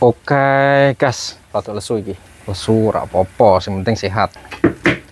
Oke, gas. Patok lesu iki. Lesu ora apa-apa, sing penting sehat.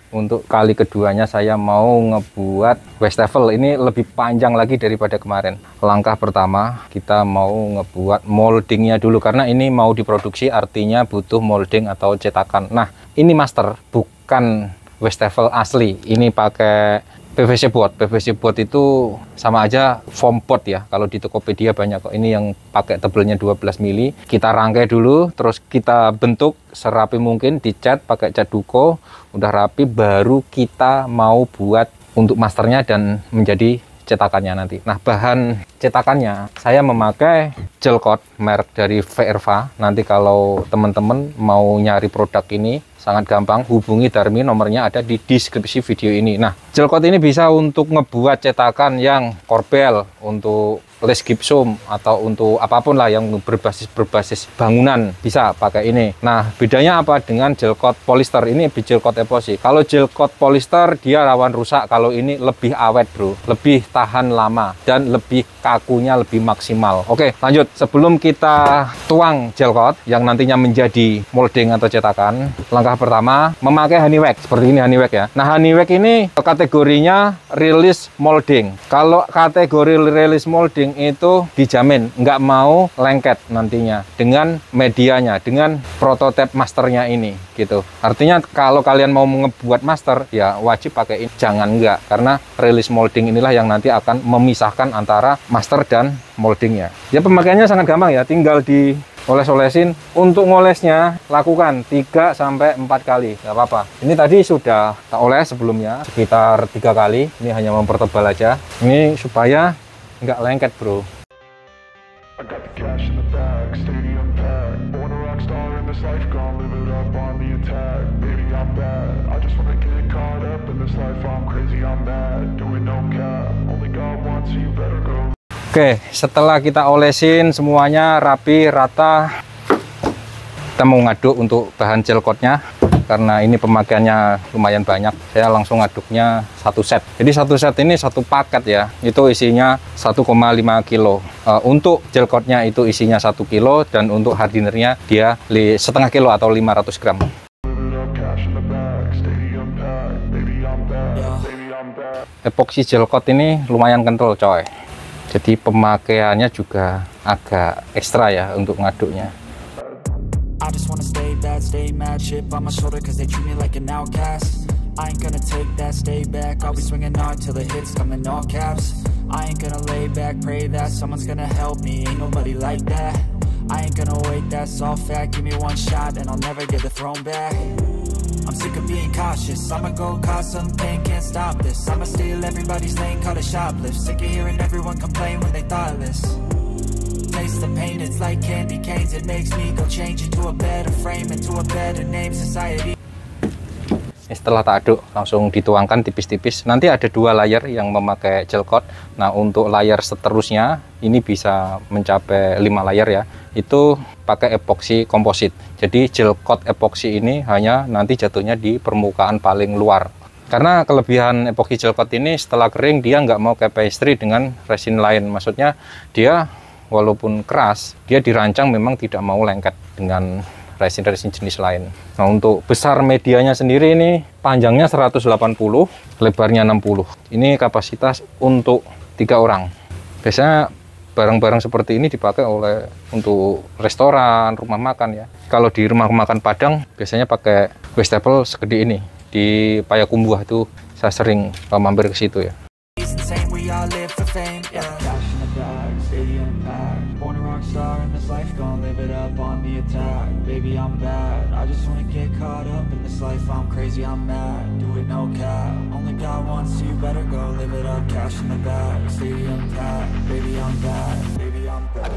Untuk kali keduanya saya mau ngebuat Westafel. Ini lebih panjang lagi daripada kemarin. Langkah pertama, kita mau ngebuat moldingnya dulu karena ini mau diproduksi artinya butuh molding atau cetakan. Nah, ini master bukan Westafel asli. Ini pakai PVC board. PVC board itu sama aja foam board ya. Kalau di Tokopedia banyak kok. Ini yang pakai tebelnya 12 mili. Kita rangkai dulu, terus kita bentuk serapi mungkin, dicat pakai cat duko, udah rapi, baru kita mau buat untuk masternya dan menjadi cetakannya nanti. Nah, bahan cetakannya saya memakai gelcoat merek dari Verva. Nanti kalau teman-teman mau nyari produk ini sangat gampang hubungi Darmi nomornya ada di deskripsi video ini. Nah, gelcoat ini bisa untuk ngebuat cetakan yang korbel untuk les gypsum atau untuk apapun lah yang berbasis berbasis bangunan bisa pakai ini. Nah, bedanya apa dengan gel coat polister ini gel coat epoxy. Kalau gel coat polister dia rawan rusak, kalau ini lebih awet, Bro. Lebih tahan lama dan lebih kakunya lebih maksimal. Oke, lanjut. Sebelum kita tuang gel coat yang nantinya menjadi molding atau cetakan, langkah pertama memakai honey wax seperti ini honey wax ya. Nah, honey wax ini kategorinya release molding. Kalau kategori release molding itu dijamin nggak mau lengket nantinya dengan medianya, dengan prototipe masternya ini gitu. Artinya kalau kalian mau ngebuat master ya wajib pakai ini, jangan nggak karena release molding inilah yang nanti akan memisahkan antara master dan moldingnya. Ya pemakaiannya sangat gampang ya, tinggal di oles-olesin. Untuk ngolesnya lakukan 3 sampai 4 kali, nggak apa-apa. Ini tadi sudah tak oles sebelumnya sekitar tiga kali. Ini hanya mempertebal aja. Ini supaya nggak lengket bro Oke, setelah kita olesin semuanya rapi, rata, kita mau ngaduk untuk bahan gelcotnya karena ini pemakaiannya lumayan banyak saya langsung aduknya satu set jadi satu set ini satu paket ya itu isinya 1,5 kilo e, untuk coatnya itu isinya satu kilo dan untuk hardinernya dia setengah kilo atau 500 gram gel coat ini lumayan kental coy jadi pemakaiannya juga agak ekstra ya untuk ngaduknya that, stay mad chip on my shoulder cause they treat me like an outcast I ain't gonna take that, stay back I'll be swinging hard till the hits come in all caps I ain't gonna lay back, pray that Someone's gonna help me, ain't nobody like that I ain't gonna wait, that's all fact Give me one shot and I'll never get the throne back I'm sick of being cautious I'ma go cause some pain, can't stop this I'ma steal everybody's lane, call it shoplift Sick of hearing everyone complain when they thoughtless replace the pain It's like candy canes It makes me go change into a better frame Into a better name society setelah tak aduk langsung dituangkan tipis-tipis nanti ada dua layer yang memakai gel coat nah untuk layer seterusnya ini bisa mencapai lima layer ya itu pakai epoxy komposit jadi gel coat epoksi ini hanya nanti jatuhnya di permukaan paling luar karena kelebihan epoxy gel coat ini setelah kering dia nggak mau ke pastry dengan resin lain maksudnya dia walaupun keras, dia dirancang memang tidak mau lengket dengan resin-resin jenis lain. Nah, untuk besar medianya sendiri ini panjangnya 180, lebarnya 60. Ini kapasitas untuk tiga orang. Biasanya barang-barang seperti ini dipakai oleh untuk restoran, rumah makan ya. Kalau di rumah makan Padang biasanya pakai wastafel segede ini. Di Payakumbuh itu saya sering eh, mampir ke situ ya. Baby, I'm bad I just wanna get caught up in this life I'm crazy, I'm mad Do it no cap Only got one, so you better go live it up Cash in the bag Stadium packed Baby, I'm bad Baby, I'm bad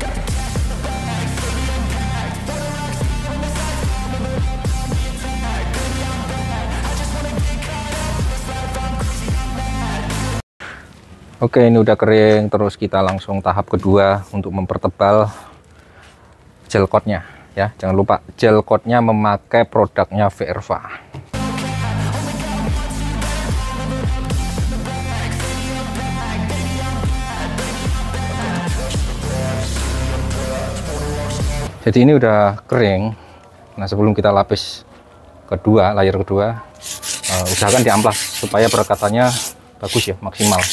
Oke, ini udah kering. Terus kita langsung tahap kedua untuk mempertebal gel gelcotnya ya jangan lupa gel coatnya memakai produknya Verva jadi ini udah kering nah sebelum kita lapis kedua layar kedua uh, usahakan diamplas supaya perekatannya bagus ya maksimal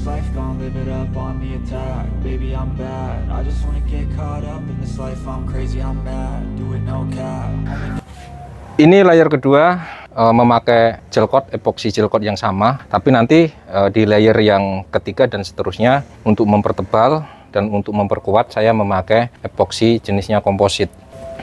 this life, gon' live it up on the attack Baby, I'm bad, I just wanna get caught up in this life I'm crazy, I'm mad, do it no cap Ini layar kedua e, memakai gel coat, epoxy gel coat yang sama Tapi nanti e, di layer yang ketiga dan seterusnya Untuk mempertebal dan untuk memperkuat saya memakai epoxy jenisnya komposit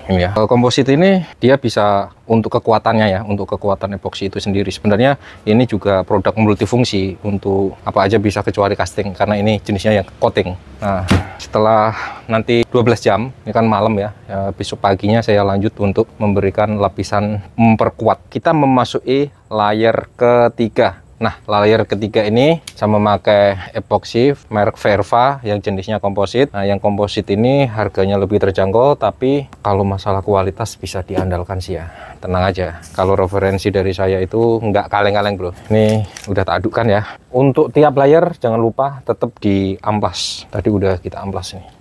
ini ya komposit ini dia bisa untuk kekuatannya ya untuk kekuatan epoxy itu sendiri sebenarnya ini juga produk multifungsi untuk apa aja bisa kecuali casting karena ini jenisnya yang coating nah setelah nanti 12 jam ini kan malam ya, ya besok paginya saya lanjut untuk memberikan lapisan memperkuat kita memasuki layer ketiga Nah, layer ketiga ini sama memakai epoxy merek Verva yang jenisnya komposit. Nah, yang komposit ini harganya lebih terjangkau, tapi kalau masalah kualitas bisa diandalkan sih ya. Tenang aja, kalau referensi dari saya itu nggak kaleng-kaleng bro. Ini udah tak adukkan ya. Untuk tiap layer jangan lupa tetap di amplas. Tadi udah kita amplas nih.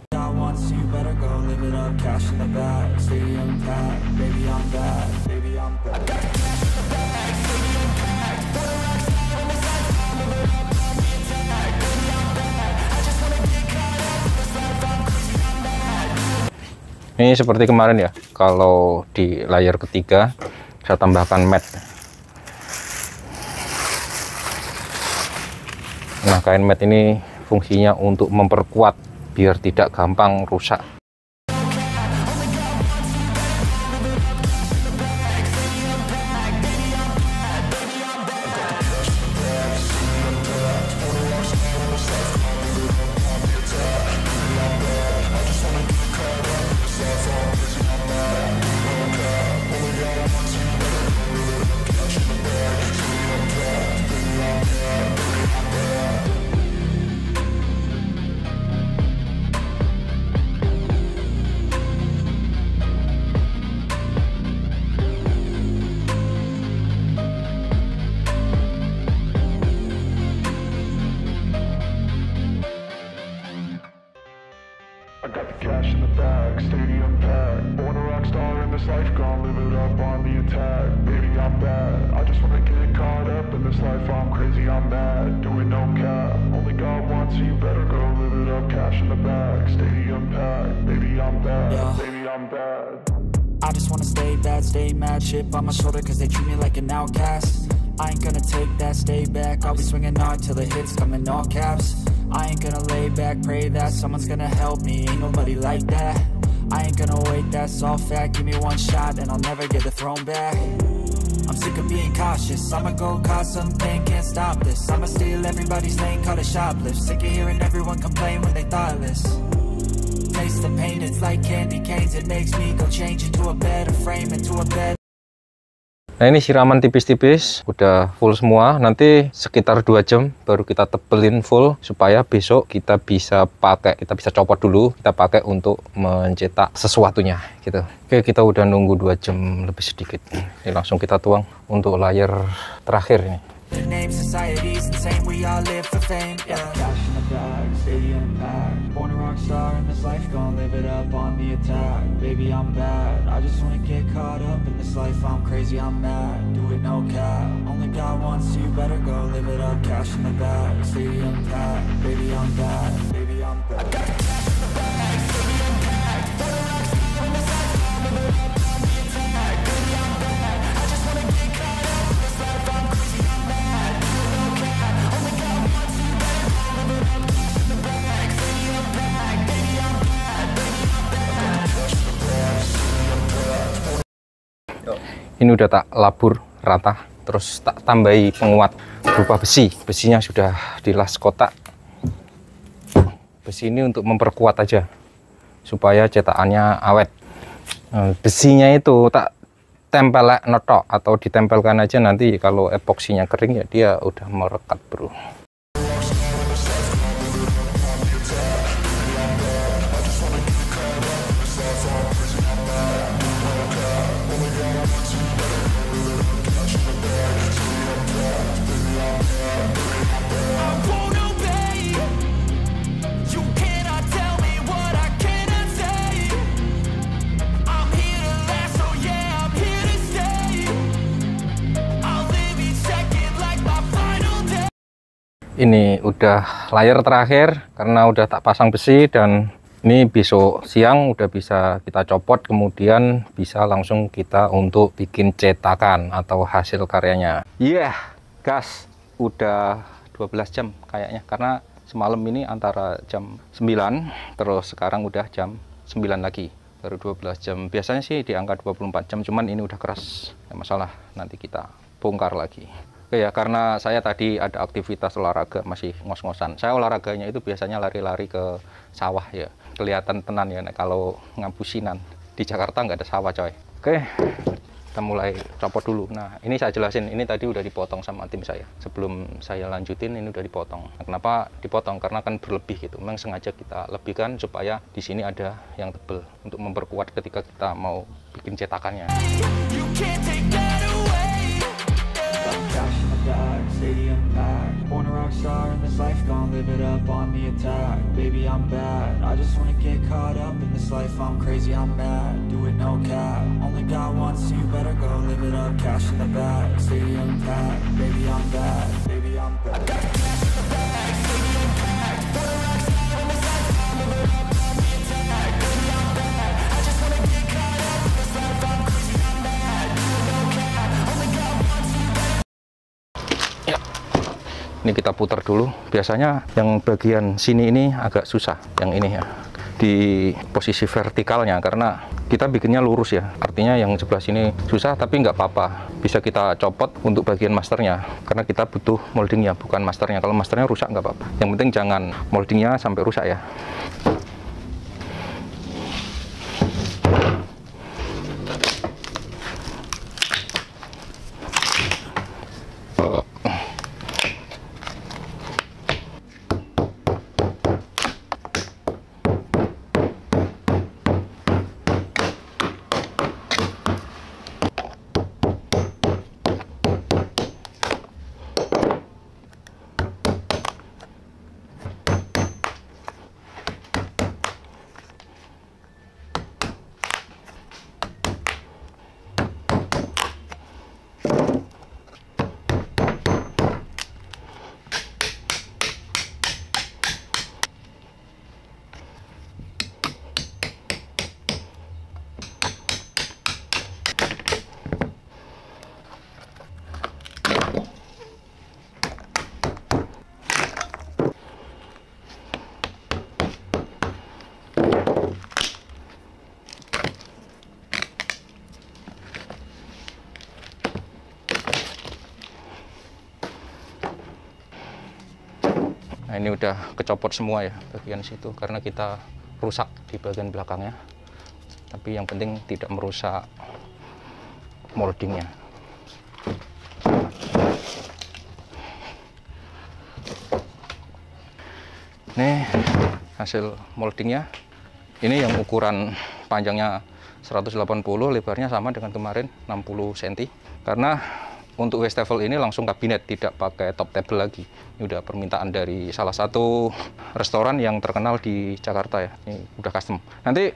ini seperti kemarin ya kalau di layar ketiga saya tambahkan mat. nah kain mat ini fungsinya untuk memperkuat biar tidak gampang rusak swinging hard till the hits come in all caps I ain't gonna lay back, pray that someone's gonna help me Ain't nobody like that I ain't gonna wait, that's all fact Give me one shot and I'll never get the throne back I'm sick of being cautious I'ma go cause something, can't stop this I'ma steal everybody's lane, call it shoplift Sick of hearing everyone complain when they thoughtless Taste the pain, it's like candy canes It makes me go change into a better frame, into a better Nah ini siraman tipis-tipis, udah full semua. Nanti sekitar 2 jam baru kita tebelin full supaya besok kita bisa pakai, kita bisa copot dulu, kita pakai untuk mencetak sesuatunya gitu. Oke kita udah nunggu 2 jam lebih sedikit. Ini langsung kita tuang untuk layar terakhir ini. star in this life, gon' live it up on the attack Baby, I'm bad, I just wanna get caught up in this life I'm crazy, I'm mad, do it no cap Only God wants so you better go live it up Cash in the bag, stadium packed Baby, I'm bad, baby, I'm bad ini udah tak labur rata terus tak tambahi penguat berupa besi besinya sudah dilas kotak besi ini untuk memperkuat aja supaya cetakannya awet nah, besinya itu tak tempel notok atau ditempelkan aja nanti kalau epoksinya kering ya dia udah merekat bro ini udah layar terakhir karena udah tak pasang besi dan ini besok siang udah bisa kita copot kemudian bisa langsung kita untuk bikin cetakan atau hasil karyanya iya yeah, gas udah 12 jam kayaknya karena semalam ini antara jam 9 terus sekarang udah jam 9 lagi baru 12 jam biasanya sih di angka 24 jam cuman ini udah keras ya masalah nanti kita bongkar lagi Oke ya, karena saya tadi ada aktivitas olahraga masih ngos-ngosan. Saya olahraganya itu biasanya lari-lari ke sawah ya. Kelihatan tenan ya, kalau ngampusinan Di Jakarta nggak ada sawah coy. Oke, kita mulai copot dulu. Nah, ini saya jelasin. Ini tadi udah dipotong sama tim saya. Sebelum saya lanjutin, ini udah dipotong. Nah, kenapa dipotong? Karena kan berlebih gitu. Memang sengaja kita lebihkan supaya di sini ada yang tebel. Untuk memperkuat ketika kita mau bikin cetakannya. You can't rock star in this life, gon' live it up on the attack Baby, I'm bad, I just wanna get caught up in this life I'm crazy, I'm mad, do it no cap Only got one, so you better go live it up Cash in the bag, stadium packed Baby, I'm bad, baby, I'm bad ini kita putar dulu biasanya yang bagian sini ini agak susah yang ini ya di posisi vertikalnya karena kita bikinnya lurus ya artinya yang sebelah sini susah tapi nggak apa-apa bisa kita copot untuk bagian masternya karena kita butuh moldingnya bukan masternya kalau masternya rusak nggak apa-apa yang penting jangan moldingnya sampai rusak ya Nah, ini udah kecopot semua ya bagian situ karena kita rusak di bagian belakangnya tapi yang penting tidak merusak moldingnya ini hasil moldingnya ini yang ukuran panjangnya 180 lebarnya sama dengan kemarin 60 cm karena untuk Westafel ini langsung kabinet, tidak pakai top table lagi. Ini udah permintaan dari salah satu restoran yang terkenal di Jakarta ya. Ini udah custom. Nanti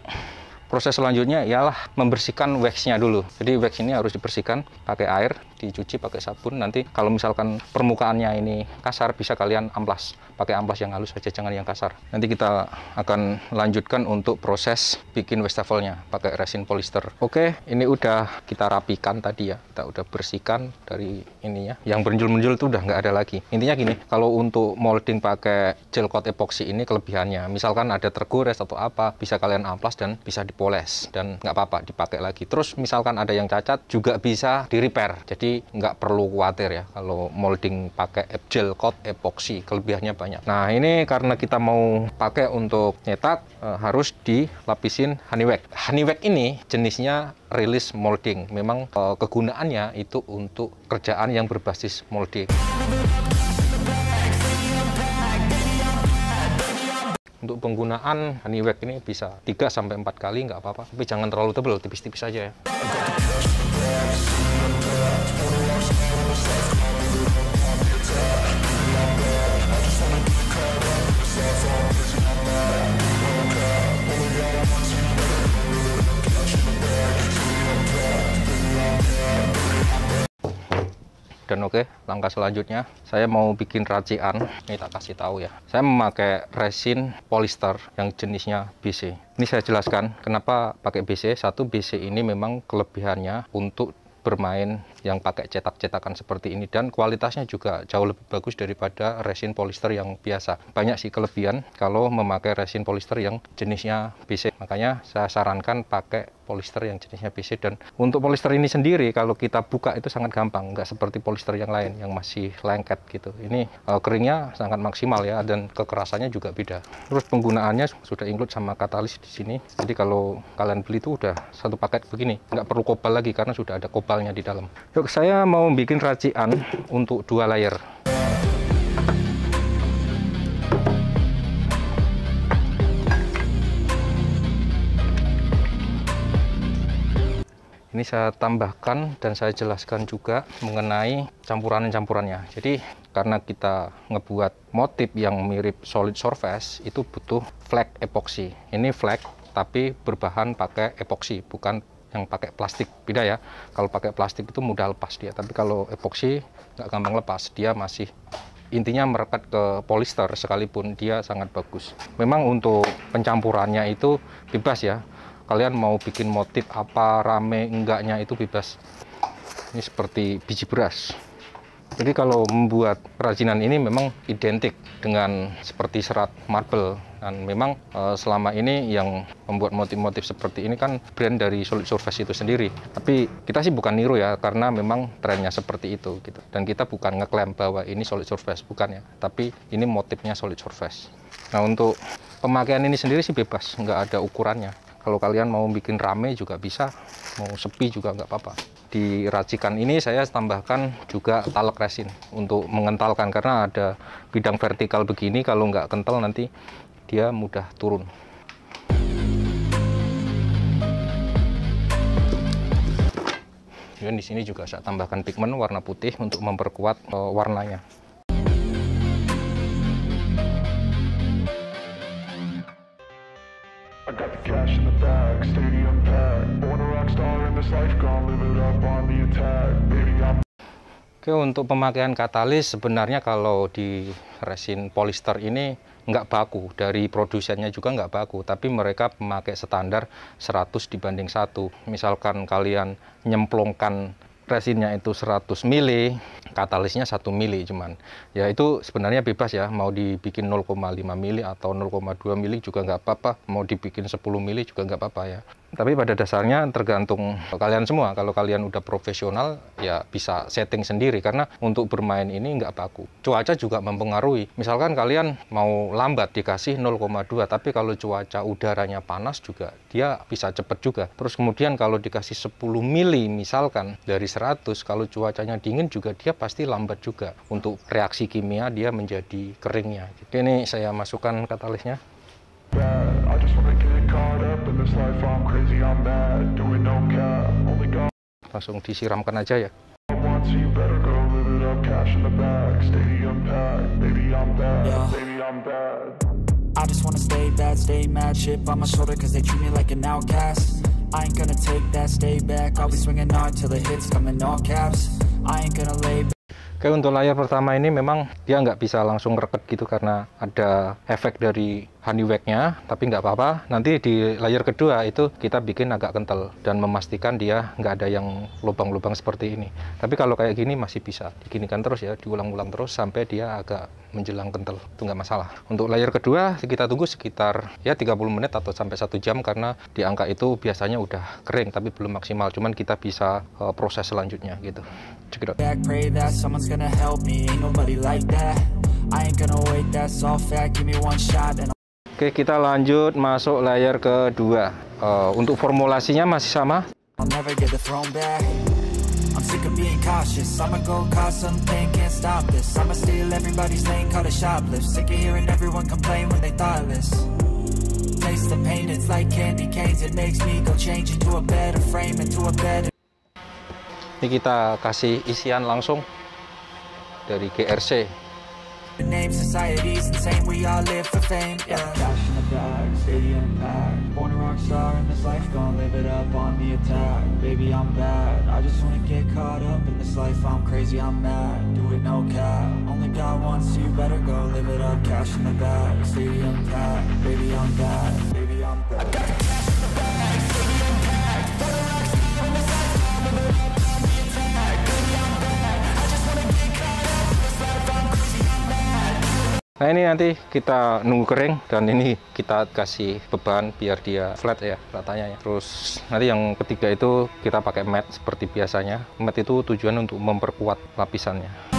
proses selanjutnya ialah membersihkan waxnya dulu. Jadi wax ini harus dibersihkan pakai air dicuci pakai sabun. Nanti kalau misalkan permukaannya ini kasar, bisa kalian amplas. Pakai amplas yang halus saja, jangan yang kasar. Nanti kita akan lanjutkan untuk proses bikin wastafelnya pakai resin polyester Oke, ini udah kita rapikan tadi ya. Kita udah bersihkan dari ininya. Yang benjul menjul itu udah nggak ada lagi. Intinya gini, kalau untuk molding pakai gel coat epoxy ini kelebihannya. Misalkan ada tergores atau apa, bisa kalian amplas dan bisa dipoles. Dan nggak apa-apa, dipakai lagi. Terus misalkan ada yang cacat, juga bisa di repair. Jadi nggak perlu khawatir ya kalau molding pakai gel coat epoxy, kelebihannya banyak. Nah ini karena kita mau pakai untuk nyetak eh, harus dilapisin honeywax. Honeywax ini jenisnya release molding. Memang eh, kegunaannya itu untuk kerjaan yang berbasis molding. Untuk penggunaan honeywax ini bisa 3-4 kali nggak apa-apa. Tapi jangan terlalu tebal, tipis-tipis saja ya. dan oke okay, langkah selanjutnya saya mau bikin racian ini tak kasih tahu ya saya memakai resin polister yang jenisnya BC ini saya jelaskan kenapa pakai BC satu BC ini memang kelebihannya untuk bermain yang pakai cetak-cetakan seperti ini dan kualitasnya juga jauh lebih bagus daripada resin polister yang biasa banyak sih kelebihan kalau memakai resin polister yang jenisnya BC makanya saya sarankan pakai polister yang jenisnya PC dan untuk polister ini sendiri kalau kita buka itu sangat gampang nggak seperti polister yang lain yang masih lengket gitu ini uh, keringnya sangat maksimal ya dan kekerasannya juga beda terus penggunaannya sudah include sama katalis di sini jadi kalau kalian beli itu udah satu paket begini nggak perlu kobal lagi karena sudah ada kobalnya di dalam yuk saya mau bikin racian untuk dua layer Ini saya tambahkan dan saya jelaskan juga mengenai campuran-campurannya. Jadi karena kita ngebuat motif yang mirip solid surface itu butuh flag epoxy. Ini flag tapi berbahan pakai epoxy, bukan yang pakai plastik beda ya kalau pakai plastik itu mudah lepas dia tapi kalau epoxy nggak gampang lepas dia masih intinya merekat ke polister sekalipun dia sangat bagus memang untuk pencampurannya itu bebas ya kalian mau bikin motif apa rame enggaknya itu bebas ini seperti biji beras jadi kalau membuat kerajinan ini memang identik dengan seperti serat marble dan memang e, selama ini yang membuat motif-motif seperti ini kan brand dari solid surface itu sendiri tapi kita sih bukan niru ya karena memang trennya seperti itu gitu dan kita bukan ngeklaim bahwa ini solid surface bukan ya tapi ini motifnya solid surface nah untuk pemakaian ini sendiri sih bebas nggak ada ukurannya kalau kalian mau bikin rame juga bisa, mau sepi juga nggak apa-apa. Di racikan ini saya tambahkan juga talak resin untuk mengentalkan karena ada bidang vertikal begini kalau nggak kental nanti dia mudah turun. Dan di sini juga saya tambahkan pigmen warna putih untuk memperkuat eh, warnanya. Oke, untuk pemakaian katalis sebenarnya kalau di resin polister ini nggak baku, dari produsennya juga nggak baku, tapi mereka memakai standar 100 dibanding satu Misalkan kalian nyemplungkan resinnya itu 100 mili, katalisnya 1 mili cuman. Ya itu sebenarnya bebas ya, mau dibikin 0,5 mili atau 0,2 mili juga nggak apa-apa, mau dibikin 10 mili juga nggak apa-apa ya. Tapi pada dasarnya tergantung kalian semua. Kalau kalian udah profesional, ya bisa setting sendiri. Karena untuk bermain ini nggak baku. Cuaca juga mempengaruhi. Misalkan kalian mau lambat dikasih 0,2, tapi kalau cuaca udaranya panas juga, dia bisa cepat juga. Terus kemudian kalau dikasih 10 mili misalkan dari 100, kalau cuacanya dingin juga dia pasti lambat juga. Untuk reaksi kimia dia menjadi keringnya. Ini saya masukkan katalisnya. Well, this life, I'm crazy, I'm bad, doing no cap, only God. Langsung disiramkan aja ya. Once you better go live it up, cash in the bag, stadium packed, baby I'm bad, yeah. baby I'm bad. I just wanna stay bad, stay mad, shit on my shoulder cause they treat me like an outcast. I ain't gonna take that, stay back, I'll be swinging hard till the hits come in all caps. I ain't gonna lay back. Oke untuk layar pertama ini memang dia nggak bisa langsung reket gitu karena ada efek dari honeywagnya tapi nggak apa-apa nanti di layar kedua itu kita bikin agak kental dan memastikan dia nggak ada yang lubang-lubang seperti ini tapi kalau kayak gini masih bisa diginikan terus ya diulang-ulang terus sampai dia agak menjelang kental itu nggak masalah untuk layer kedua kita tunggu sekitar ya 30 menit atau sampai satu jam karena di angka itu biasanya udah kering tapi belum maksimal cuman kita bisa uh, proses selanjutnya gitu Oke kita lanjut masuk layer kedua uh, untuk formulasinya masih sama I'm sick of being cautious I'ma go cause something, can't stop this I'ma steal everybody's lane, call it shoplift Sick of hearing everyone complain when they thoughtless Taste the pain, it's like candy canes It makes me go change into a better frame Into a better Ini kita kasih isian langsung dari GRC name society's insane, we all live for fame, yeah stadium packed Born a rock star in this life, gonna live it up on the attack Baby, I'm bad, I just wanna get caught up in this life I'm crazy, I'm mad, do it no cap Only God wants so you better go live it up Cash in the bag, stadium packed Baby, I'm bad, baby, I'm bad Nah ini nanti kita nunggu kering dan ini kita kasih beban biar dia flat ya ratanya ya. Terus nanti yang ketiga itu kita pakai mat seperti biasanya. Mat itu tujuan untuk memperkuat lapisannya.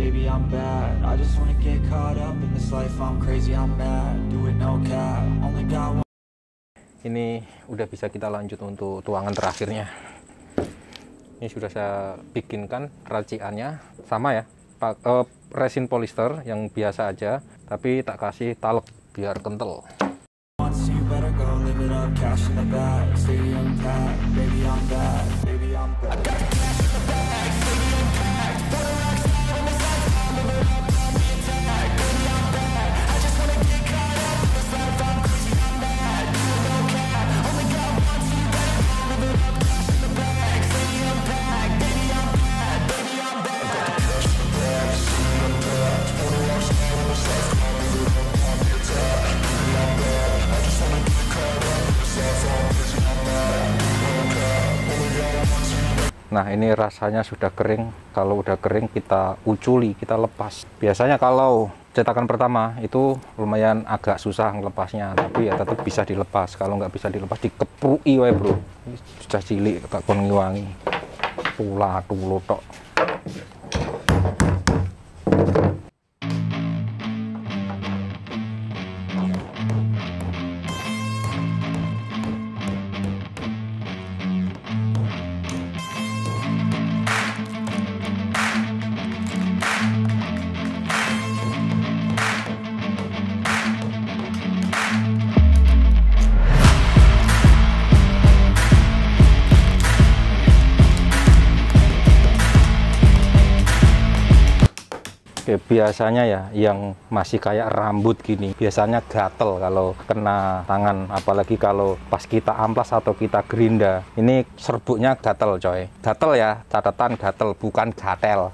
baby, I'm bad I just wanna get caught up in this life, I'm crazy, I'm mad Do it no cap, only got one Ini udah bisa kita lanjut untuk tuangan terakhirnya Ini sudah saya bikinkan raciannya Sama ya, pak, uh, resin polister yang biasa aja Tapi tak kasih talek biar kental Once you Nah ini rasanya sudah kering, kalau udah kering kita uculi, kita lepas. Biasanya kalau cetakan pertama itu lumayan agak susah ngelepasnya, tapi ya tetap bisa dilepas. Kalau nggak bisa dilepas dikeprui wae bro, Ini sudah cilik tak kon ngiwangi. Pula, tulu tok. biasanya ya yang masih kayak rambut gini biasanya gatel kalau kena tangan apalagi kalau pas kita amplas atau kita gerinda ini serbuknya gatel coy gatel ya catatan gatel bukan gatel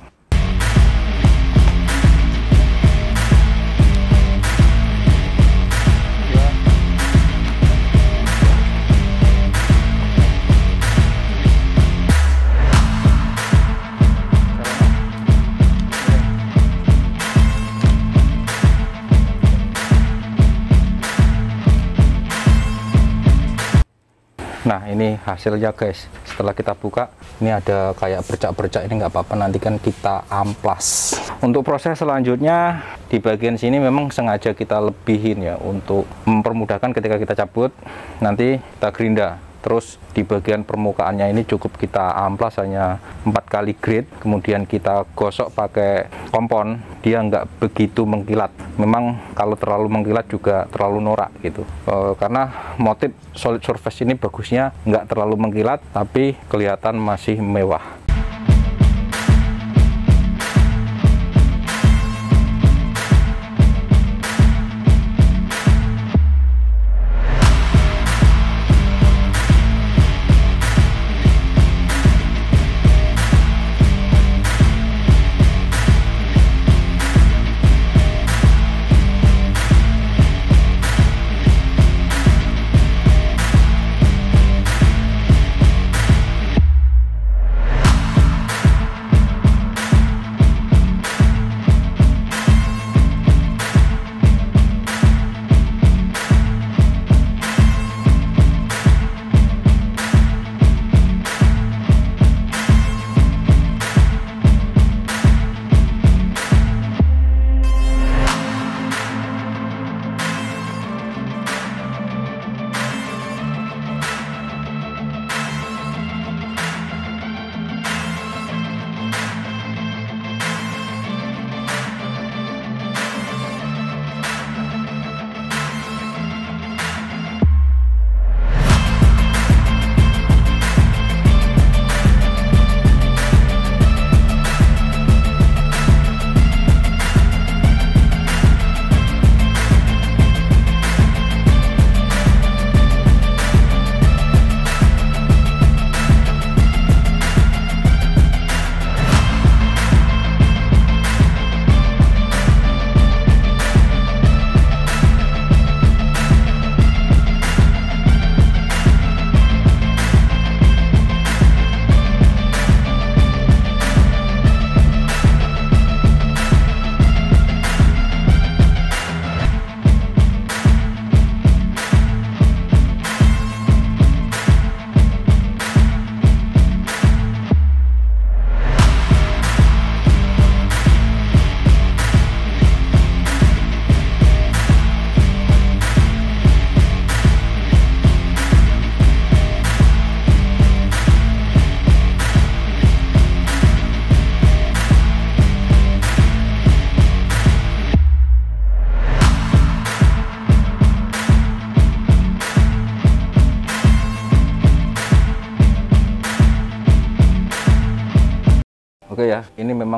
ini hasilnya guys setelah kita buka ini ada kayak bercak-bercak ini nggak apa-apa nanti kan kita amplas untuk proses selanjutnya di bagian sini memang sengaja kita lebihin ya untuk mempermudahkan ketika kita cabut nanti kita gerinda terus di bagian permukaannya ini cukup kita amplas hanya empat kali grit, kemudian kita gosok pakai kompon dia nggak begitu mengkilat memang kalau terlalu mengkilat juga terlalu norak gitu e, karena motif solid surface ini bagusnya nggak terlalu mengkilat tapi kelihatan masih mewah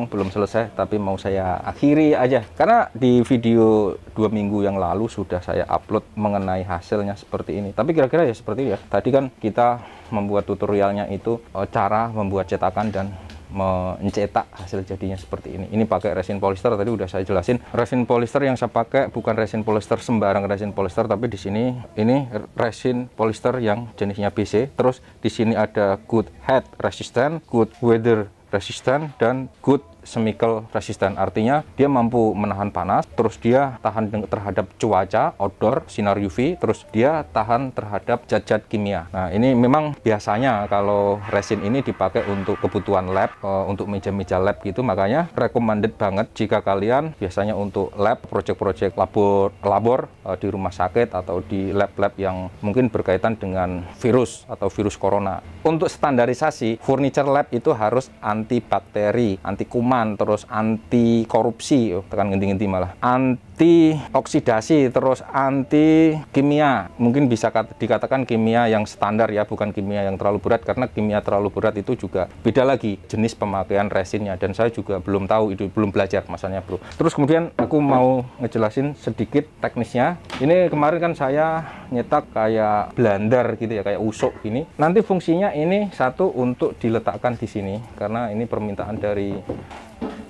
belum selesai tapi mau saya akhiri aja karena di video dua minggu yang lalu sudah saya upload mengenai hasilnya seperti ini tapi kira-kira ya seperti ya tadi kan kita membuat tutorialnya itu e, cara membuat cetakan dan mencetak hasil jadinya seperti ini. Ini pakai resin polyester tadi udah saya jelasin. Resin polyester yang saya pakai bukan resin polyester sembarang resin polyester, tapi di sini ini resin polyester yang jenisnya BC. Terus di sini ada good head resistant, good weather resistant, dan good semikel resisten. Artinya dia mampu menahan panas, terus dia tahan terhadap cuaca, outdoor, sinar UV, terus dia tahan terhadap zat kimia. Nah, ini memang biasanya kalau resin ini dipakai untuk kebutuhan lab, eh, untuk meja-meja lab gitu. Makanya recommended banget jika kalian biasanya untuk lab, project-project labor, labor eh, di rumah sakit atau di lab-lab yang mungkin berkaitan dengan virus atau virus corona. Untuk standarisasi, furniture lab itu harus antibakteri, anti kuman terus anti korupsi, oh, tekan genting-genting malah, anti oksidasi, terus anti kimia. Mungkin bisa dikatakan kimia yang standar ya, bukan kimia yang terlalu berat karena kimia terlalu berat itu juga beda lagi jenis pemakaian resinnya dan saya juga belum tahu itu belum belajar masanya bro. Terus kemudian aku mau ngejelasin sedikit teknisnya. Ini kemarin kan saya nyetak kayak blender gitu ya, kayak usuk ini Nanti fungsinya ini satu untuk diletakkan di sini karena ini permintaan dari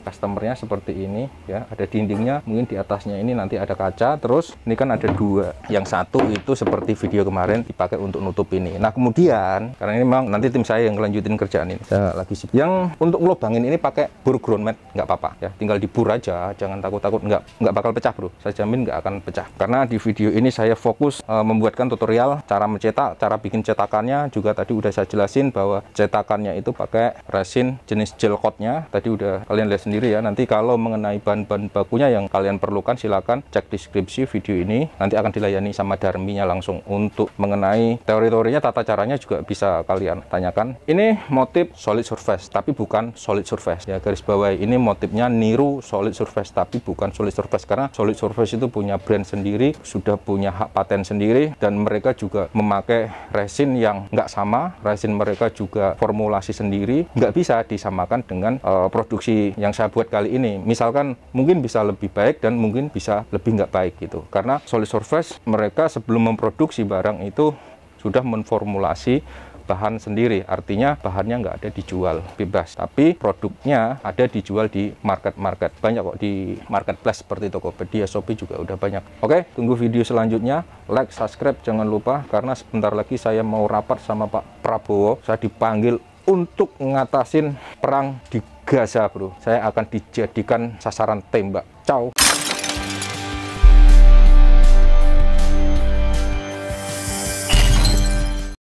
customernya seperti ini ya ada dindingnya mungkin di atasnya ini nanti ada kaca terus ini kan ada dua yang satu itu seperti video kemarin dipakai untuk nutup ini nah kemudian karena ini memang nanti tim saya yang ngelanjutin kerjaan ini saya lagi sih. yang untuk ngelobangin ini pakai bur ground mat nggak apa-apa ya tinggal dibur aja jangan takut-takut nggak nggak bakal pecah bro saya jamin nggak akan pecah karena di video ini saya fokus e, membuatkan tutorial cara mencetak cara bikin cetakannya juga tadi udah saya jelasin bahwa cetakannya itu pakai resin jenis gel coatnya tadi udah kalian lihat sendiri ya nanti kalau mengenai bahan-bahan bakunya yang kalian perlukan silahkan cek deskripsi video ini nanti akan dilayani sama Darminya langsung untuk mengenai teori-teorinya tata caranya juga bisa kalian tanyakan ini motif solid surface tapi bukan solid surface ya garis bawah ini motifnya niru solid surface tapi bukan solid surface karena solid surface itu punya brand sendiri sudah punya hak paten sendiri dan mereka juga memakai resin yang nggak sama resin mereka juga formulasi sendiri nggak bisa disamakan dengan uh, produksi yang saya buat kali ini. Misalkan mungkin bisa lebih baik dan mungkin bisa lebih nggak baik gitu. Karena solid surface mereka sebelum memproduksi barang itu sudah menformulasi bahan sendiri, artinya bahannya nggak ada dijual bebas, tapi produknya ada dijual di market-market. Banyak kok di marketplace seperti Tokopedia, Shopee juga udah banyak. Oke, tunggu video selanjutnya. Like, subscribe, jangan lupa, karena sebentar lagi saya mau rapat sama Pak Prabowo. Saya dipanggil untuk ngatasin perang di Gaza bro saya akan dijadikan sasaran tembak ciao